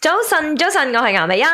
早晨，早晨，我係顏美欣。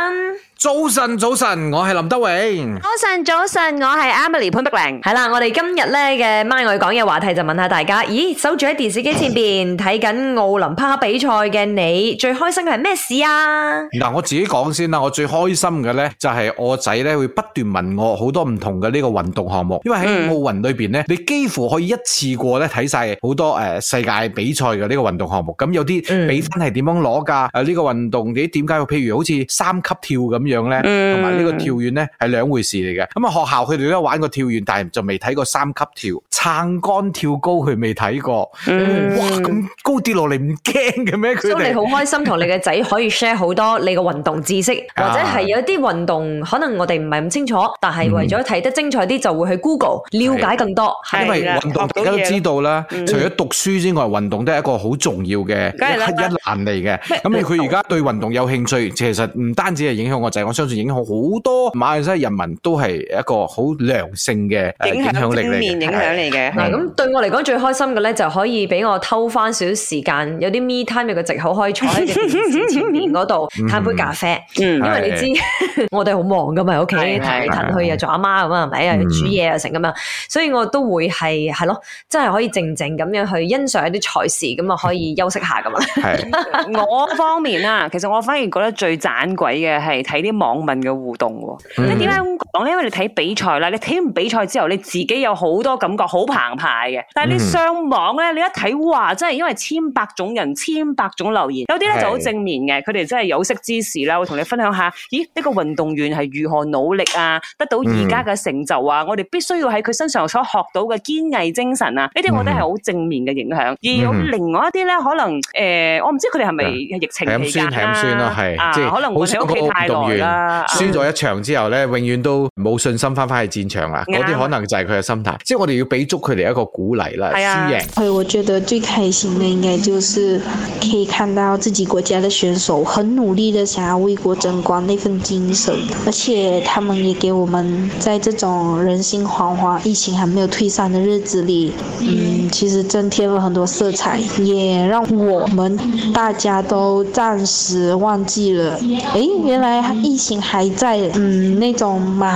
早晨，早晨，我係林德榮。早晨，早晨，我係 Emily 潘碧玲。係啦，我哋今日咧嘅 my 愛講嘅話題就問，問一下大家，咦，守住喺電視機前邊睇緊奧林匹克比賽嘅你，最開心嘅係咩事啊？嗱、嗯，我自己講先啦，我最開心嘅咧就係、是、我仔咧會不斷問我好多唔同嘅呢個運動項目，因為喺奧運裏邊咧，你幾乎可以一次過咧睇晒好多誒、呃、世界比賽嘅呢個運動項目。咁有啲比分係點樣攞噶？誒、嗯、呢、啊這個運動你點解？譬如好似三級跳咁。樣咧，同埋呢個跳遠咧係兩回事嚟嘅。咁啊，學校佢哋都玩過跳遠，但係就未睇過三級跳、撐桿跳高，佢未睇過。哇、嗯，咁高跌落嚟唔驚嘅咩？所以你好開心同你嘅仔可以 share 好多你嘅運動知識， 啊、或者係有啲運動可能我哋唔係咁清楚，但係為咗睇得精彩啲，就會去 Google 了解更多。係、因為運動大家都知道啦，除咗讀書之外，運、嗯、動都係一個好重要嘅一欄嚟嘅。咁你佢而家對運動有興趣，其實唔單止係影響我。我相信影響好多馬來西亞人民都係一個好良性嘅影響，嚟正面影響嚟嘅。嗱，咁對我嚟講最開心嘅咧，就可以俾我偷翻少少時間，有啲 me time 嘅藉口可以坐喺電視前面嗰度歎杯咖啡。因為你知我哋好忙㗎嘛，喺屋企騰嚟騰去，又做阿媽咁啊，係咪啊？煮嘢啊，成咁樣，所以我都會係係咯，真係可以靜靜咁樣去欣賞一啲賽事，咁啊可以休息下咁啊。係我方面啊，其實我反而覺得最盞鬼嘅係睇。啲網民嘅互動，即係點解？Hmm. 因為你睇比賽啦，你睇完比賽之後，你自己有好多感覺，好澎湃嘅。但係你上網咧，你一睇哇，真係因為千百種人、千百種留言，有啲咧就好正面嘅，佢哋的真係有識之士啦，會同你分享下，咦呢、呢個運動員係如何努力啊，得到而家嘅成就啊，嗯、我哋必須要喺佢身上所學到嘅堅毅精神啊，呢啲我覺得係好正面嘅影響。嗯、而有另外一啲咧，可能誒、呃，我唔知佢哋係咪疫情期間啦，啊，可能我哋一個運動員輸咗一場之後咧，嗯、永遠都～冇信心翻返去戰場啊，嗰啲可能就係佢嘅心態，是的即係我哋要俾足佢哋一個鼓勵啦。輸贏的，誒贏，我覺得最開心嘅應該就是可以看到自己國家嘅選手很努力的想要為國爭光那份精神，而且他們也給我們在這種人心惶惶、疫情還沒有退散的日子裏，嗯，其實增添了很多色彩，也讓我們大家都暫時忘記了，誒、欸，原來疫情還在，嗯，那種滿。